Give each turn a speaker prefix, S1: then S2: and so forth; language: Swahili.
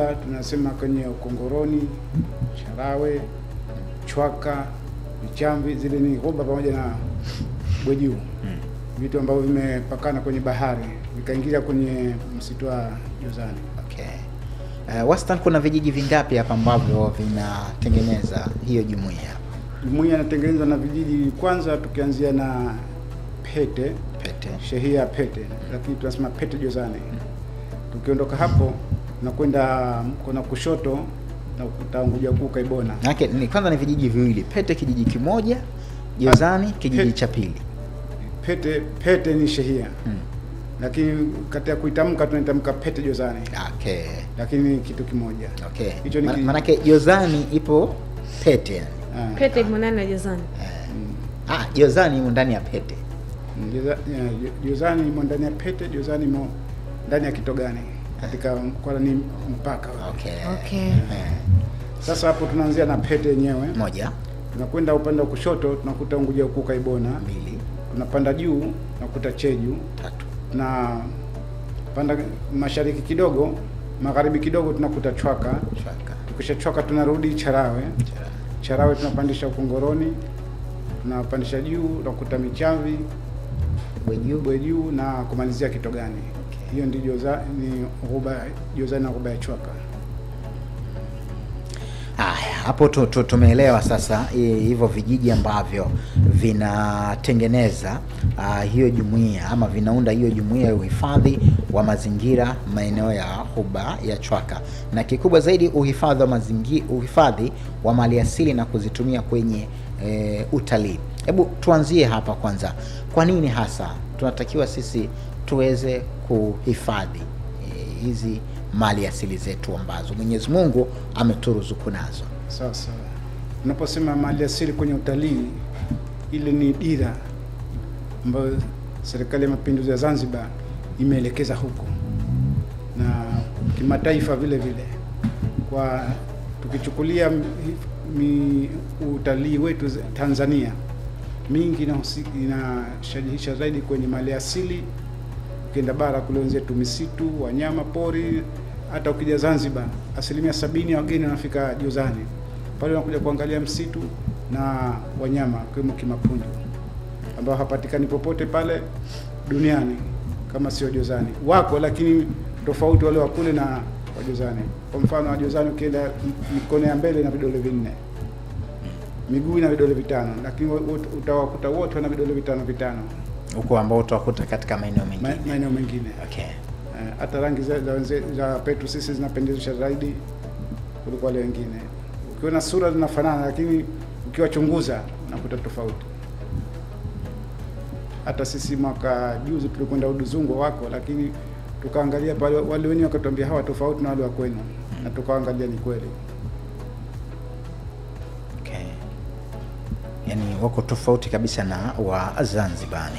S1: Mleba tunasema kwenye Ukongoroni, Sharawe, Chwaka, Vichamvi, zile ni ghuba pamoja na Bwejuu, hmm. vitu ambavyo vimepakana kwenye bahari vikaingia kwenye msitu wa Jozani.
S2: Okay. Uh, wastani kuna vijiji vingapi hapa ambavyo vinatengeneza hiyo jumuiya?
S1: Jumuiya inatengenezwa na vijiji kwanza, tukianzia na Pete, Pete, shehia Pete, lakini tunasema Pete Jozani. Hmm. Tukiondoka hapo unakwenda mkono kushoto utanguja kuu Kaibona.
S2: Okay, ni kwanza ni vijiji viwili, Pete kijiji kimoja, Jozani ah, kijiji cha pili.
S1: Pete Pete ni shehia hmm. Lakini kati ya kuitamka tunaitamka Pete Jozani. Okay. Lakini kitu kimoja.
S2: Okay. Hicho ni manake Jozani ipo Pete yani.
S3: Ah. Pete imo ndani ya Jozani.
S2: Ah, ah Jozani imo ndani ya Pete.
S1: Hmm, Jozani imo ndani ya Pete, Jozani imo ndani ya Kitogani katika ni mpaka
S2: okay. Okay. Yeah.
S1: Sasa hapo tunaanzia na pete yenyewe moja, tunakwenda upande wa kushoto tunakuta Unguja huko Kaibona mbili, tunapanda juu tunakuta Cheju tatu, na panda mashariki kidogo magharibi kidogo tunakuta Chwaka, tukisha Chwaka tunarudi Charawe. Charawe, Charawe tunapandisha Ukongoroni, tunapandisha juu tunakuta Michavi Bwejuu, Bwejuu na kumalizia Kitogani. Hiyo ndi Jozani na ruba ya Chwaka
S2: hapo tumeelewa sasa hivyo vijiji ambavyo vinatengeneza uh, hiyo jumuiya ama vinaunda hiyo jumuiya ya uhifadhi wa mazingira maeneo ya huba ya Chwaka, na kikubwa zaidi uhifadhi wa mazingi, uhifadhi wa asili na kuzitumia kwenye e, utalii. Hebu tuanzie hapa kwanza, kwa nini hasa tunatakiwa sisi tuweze kuhifadhi e, hizi e, mali asili zetu ambazo Mwenyezi Mungu ameturuzuku nazo.
S1: Sasa unaposema mali asili kwenye utalii, ile ni dira ambayo serikali ya mapinduzi ya Zanzibar imeelekeza huko na kimataifa vile vile, kwa tukichukulia utalii wetu Tanzania mingi inashajihisha zaidi kwenye mali asili. Ukienda bara kule wenzetu misitu, wanyama pori, hata ukija Zanzibar asilimia sabini ya wageni wanafika Jozani pale wanakuja kuangalia msitu na wanyama akiwemo kimapunju ambao hapatikani popote pale duniani kama sio Jozani. Wako lakini tofauti wale wakule na wajozani. Kwa mfano wajozani, ukienda mikono ya mbele na vidole vinne, miguu na vidole vitano, lakini utawakuta wote wana vidole vitano vitano, huko ambao utawakuta katika maeneo mengine, maeneo mengine. Okay, eh, hata rangi za, za, za petu sisi zinapendezesha zaidi kuliko wale wengine ukiona sura zinafanana, lakini ukiwachunguza unakuta tofauti. Hata sisi mwaka juzi tulikwenda uduzungu wako, lakini tukaangalia pale, wale wenyewe wakatuambia hawa tofauti na wale wa kwenu, na tukaangalia ni kweli. Okay. Yani wako tofauti kabisa na wa Zanzibar.